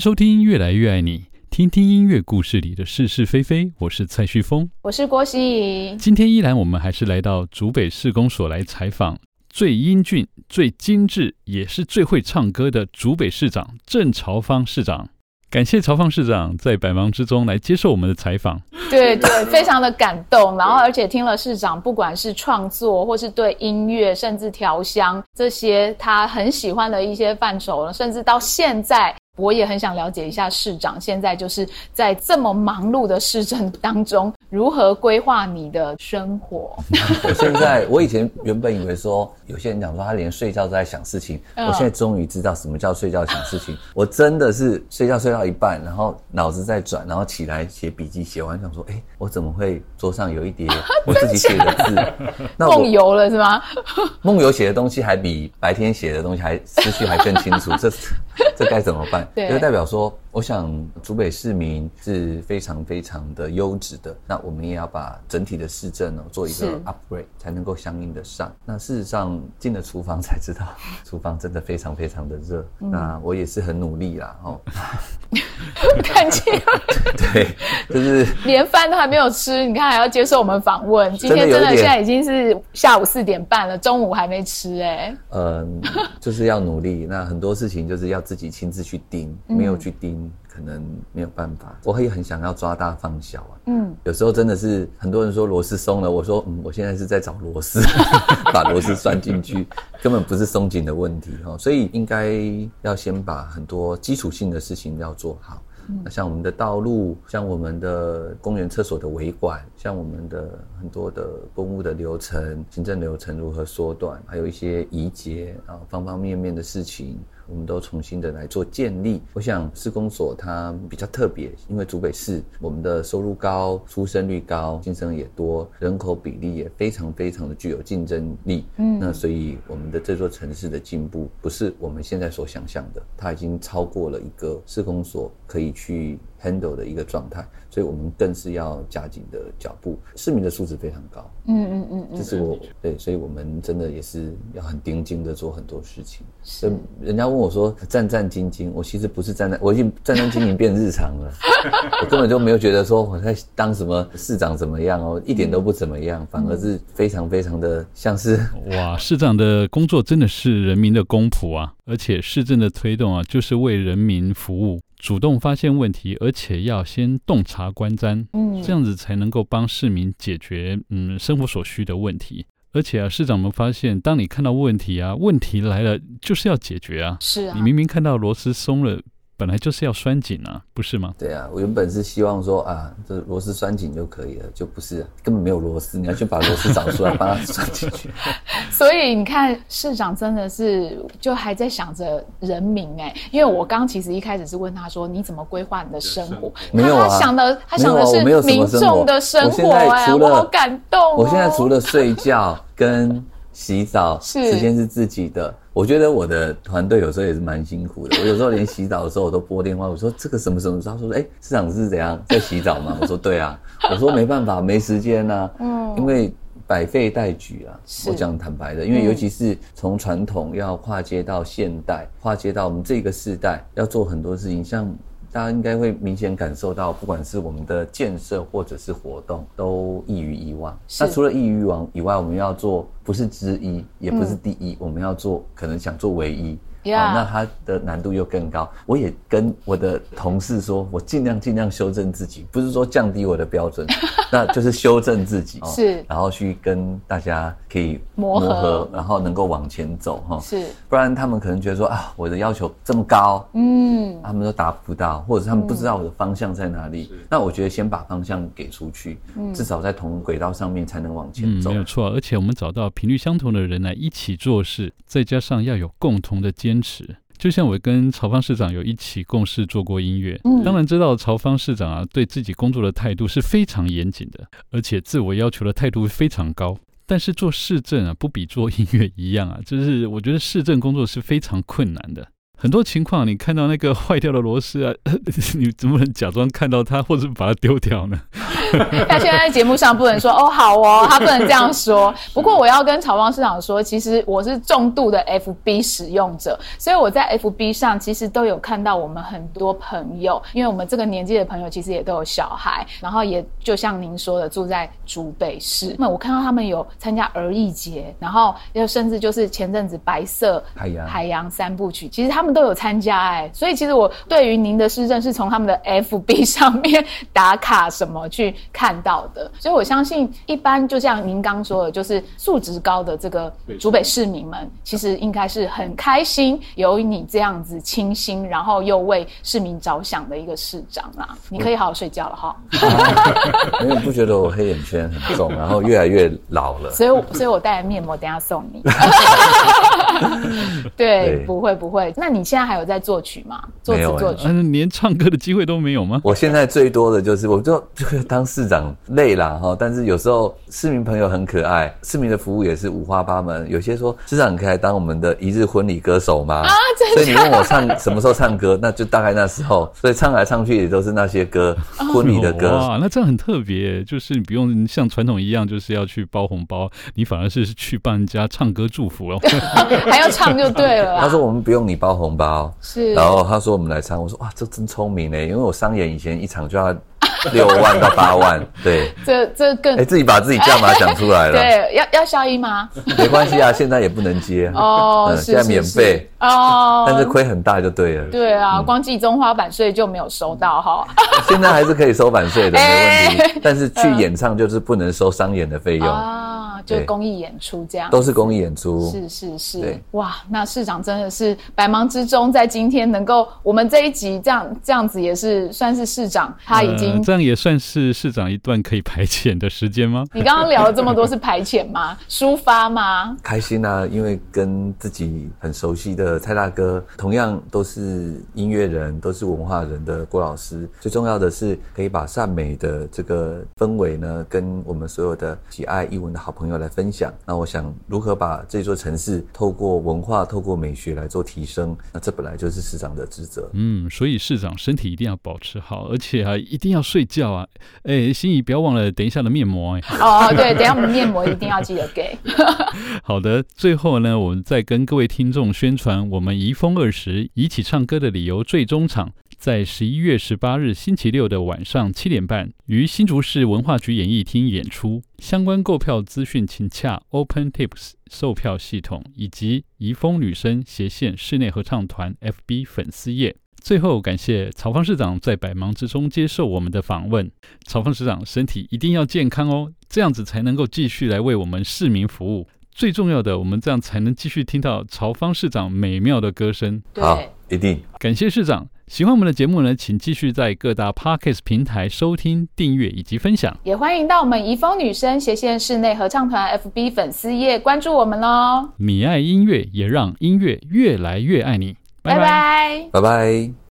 收聽《樂來越愛你》，聽聽音樂故事裡的是是非非。我是蔡旭峰，我是郭心怡。今天依然，我們還是來到竹北市公所來採訪最英俊、最精緻，也是最會唱歌的竹北市長鄭朝方市長。感謝朝方市長在百忙之中來接受我們的採訪。對對，非常的感動。然後，而且聽了市長，不管是創作，或是對音樂，甚至調香這些他很喜歡的一些範疇，甚至到現在。我也很想了解一下市長，現在就是在這麼忙碌的市政當中，如何規劃你的生活？ 我現在，我以前原本以為說，有些人講說他連睡覺都在想事情。嗯、我現在終於知道什麼叫睡覺想事情，嗯。我真的是睡覺睡到一半，然後腦子在轉，然後起來寫筆記寫，寫完想說，哎，欸，我怎麼會桌上有一疊我自己寫的字？夢、啊、遊了是嗎？夢遊寫的東西還比白天寫的東西還思緒還更清楚，嗯。 這這該怎麼辦？對？就代表說。我想，竹北市民是非常非常的優質的，那我們也要把整體的市政哦，做一個 upgrade，才能夠相應的上。那事實上進了廚房才知道，廚房真的非常非常的熱、嗯。那我也是很努力啦，哦，看 起 對，就是連飯都還沒有吃，你看還要接受我們訪問今。今天真的現在已經是下午四點半了，中午還沒吃，哎、欸。嗯、呃，就是要努力。那很多事情就是要自己親自去盯、嗯，沒有去盯。可能沒有辦法，我也很想要抓大放小啊。嗯，有時候真的是很多人說螺絲鬆了，我說嗯，我現在是在找螺絲， 把螺絲鑽進去， 根本不是鬆緊的問題。哦，所以應該要先把很多基礎性的事情要做好，嗯。那像我們的道路，像我們的公園廁所的維管，像我們的很多的公務的流程、行政流程如何縮短，還有一些移節啊，方方面面的事情。我們都重新的來做建立。我想，市公所它比較特別，因為竹北市我們的收入高、出生率高、新生也多、人口比例也非常非常的具有競爭力。嗯，那所以我們的這座城市的進步，不是我們現在所想象的，它已經超過了一個市公所可以去 handle 的一個狀態，所以我們更是要加緊的腳步。市民的素質非常高，嗯嗯嗯嗯，這是我對，所以我們真的也是要很盯緊的做很多事情。是，人家問我說戰戰兢兢，我其實不是戰戰，我已經戰戰兢兢變日常了， 我根本就沒有覺得說我在當什麼市長怎麼樣哦，一點都不怎麼樣，嗯，反而是非常非常的像是哇， 市長的工作真的是人民的公僕啊。而且市政的推動啊，就是為人民服務，主動發現問題，而且要先洞察觀瞻，嗯，這樣子才能夠幫市民解決嗯生活所需的問題。而且啊，市長們發現，當你看到問題啊，問題來了就是要解決啊，是啊，你明明看到螺絲鬆了。本來就是要拴緊啊，不是嗎？對啊，我原本是希望說啊，這螺絲拴緊就可以了，就不是根本沒有螺絲，你要去把螺絲找出來把它拴進去。 酸 所以你看市長真的是就還在想着人民哎、欸，因為我剛其實一開始是問他說你怎麼規劃你的生活，沒有啊，他，他想的他想的是民眾的生活、欸。哎、啊。我好感動、哦。我現在除了睡覺跟。 洗澡時間是自己的，我覺得我的團隊有時候也是蠻辛苦的。我有時候連洗澡的時候我都撥電話， 我說這個什麼什麼，他說哎、欸，市長是怎樣在洗澡嗎？ 我說對啊，我說沒辦法，沒時間啊。嗯，因為百廢待舉啊，是我講坦白的，因為尤其是從傳統要跨界到現代，跨界到我們這個世代，要做很多事情，像。大家應該會明顯感受到，不管是我們的建設或者是活動，都異於以往。那除了異於以往以外，我們要做不是之一，也不是第一，嗯、我們要做可能想做唯一。Yeah. 啊，那他的難度又更高。我也跟我的同事說，我盡量盡量修正自己，不是說降低我的標準， 那就是修正自己。 是，然後去跟大家可以磨合，磨合然後能夠往前走哈。是，不然他們可能覺得說啊，我的要求這麼高，嗯，啊、他們都達不到，或者是他們不知道我的方向在哪裡。嗯、那我覺得先把方向給出去，嗯，至少在同軌道上面才能往前走，嗯。沒有錯，而且我們找到頻率相同的人來一起做事，再加上要有共同的見。堅持，就像我跟朝方市長有一起共事做過音樂、嗯，當然知道朝方市長啊，對自己工作的態度是非常嚴謹的，而且自我要求的態度非常高。但是做市政啊，不比做音樂一樣啊，就是我覺得市政工作是非常困難的。很多情況、啊，你看到那個壞掉的螺絲啊、呃，你怎麼能假裝看到它，或者把它丟掉呢？他 現在在節目上不能說哦，好哦，他不能這樣說。不過我要跟朝方市長說，其實我是重度的 FB 使用者，所以我在 FB 上其實都有看到我們很多朋友，因為我們這個年紀的朋友其實也都有小孩，然後也就像您說的，住在竹北市。那我看到他們有參加兒藝節，然後又甚至就是前陣子白色海洋海洋三部曲，其實他們都有參加哎、欸。所以其實我對於您的市政是從他們的 FB 上面打卡什麼去。看到的，所以我相信，一般就像您剛說的，就是素質高的這個竹北市民們，其實應該是很開心有你這樣子清新，然後又為市民着想的一個市長啊！你可以好好睡覺了哈。啊、因為你不覺得我黑眼圈很重，然後越來越老了。所以，所以我帶了面膜，等一下送你 對對。對，不會不會。那你現在還有在作曲嗎？作詞作曲沒有沒有，連唱歌的機會都沒有嗎？我現在最多的就是，我就就是當時。市長累了哈，但是有時候市民朋友很可愛，市民的服務也是五花八門。有些說，市長可以來當我們的一日婚禮歌手嗎？啊，真的。所以你問我唱什麼時候唱歌，那就大概那時候。所以唱來唱去也都是那些歌，婚禮的歌、哦，哇。那這樣很特別，就是你不用像傳統一樣，就是要去包紅包，你反而是去幫人家唱歌祝福了。還要唱就對了。 他說，我們不用你包紅包，是。然後他說，我們來唱，我說哇，這真聰明嘞，因為我商演以前一場就要。六 萬到八萬，對，這這更哎、欸，自己把自己價碼講出來了。欸、對，要要消音嗎？ 沒關係啊，現在也不能接、啊、哦、嗯是是是，現在免費哦，但是虧很大就對了。對啊，嗯、光記中華版稅就沒有收到哈。現在還是可以收版稅的， 沒問題、欸。但是去演唱就是不能收商演的費用、啊就公益演出這樣，都是公益演出，是是是，對，哇，那市長真的是百忙之中，在今天能夠我們這一集這樣這樣子，也是算是市長他已經、呃、這樣也算是市長一段可以排遣的時間嗎？你剛剛聊了這麼多，是排遣嗎？ 抒發嗎？開心啊，因為跟自己很熟悉的蔡大哥，同樣都是音樂人，都是文化人的郭老師，最重要的是可以把善美的這個氛圍呢，跟我們所有的喜愛藝文的好朋友。要來分享，那我想如何把這座城市透過文化、透過美學來做提升？那這本來就是市長的職責。嗯，所以市長身體一定要保持好，而且啊，一定要睡覺啊。哎、欸，心怡，不要忘了等一下的面膜、欸。哦、oh, oh,，對， 等一下我們面膜一定要記得給。 好的，最後呢，我們再跟各位聽眾宣傳我們宜風二十一起唱歌的理由，最終場，在十一月十八日星期六的晚上七點半，於新竹市文化局演藝廳演出。相關購票資訊，請洽 OpenTix 售票系統以及怡風女聲斜線室內合唱團 FB 粉絲頁。最後，感謝朝方市長在百忙之中接受我們的訪問。朝方市長身體一定要健康哦，這樣子才能夠繼續來為我們市民服務。最重要的，我們這樣才能繼續聽到朝方市長美妙的歌聲。好，一定。感謝市長。喜歡我們的節目呢，請繼續在各大 podcast 平台收聽、訂閱以及分享。也歡迎到我們宜豐女聲斜線室內合唱團 FB 粉絲頁關注我們哦。你愛音樂，也讓音樂越來越愛你。拜拜，拜拜。Bye bye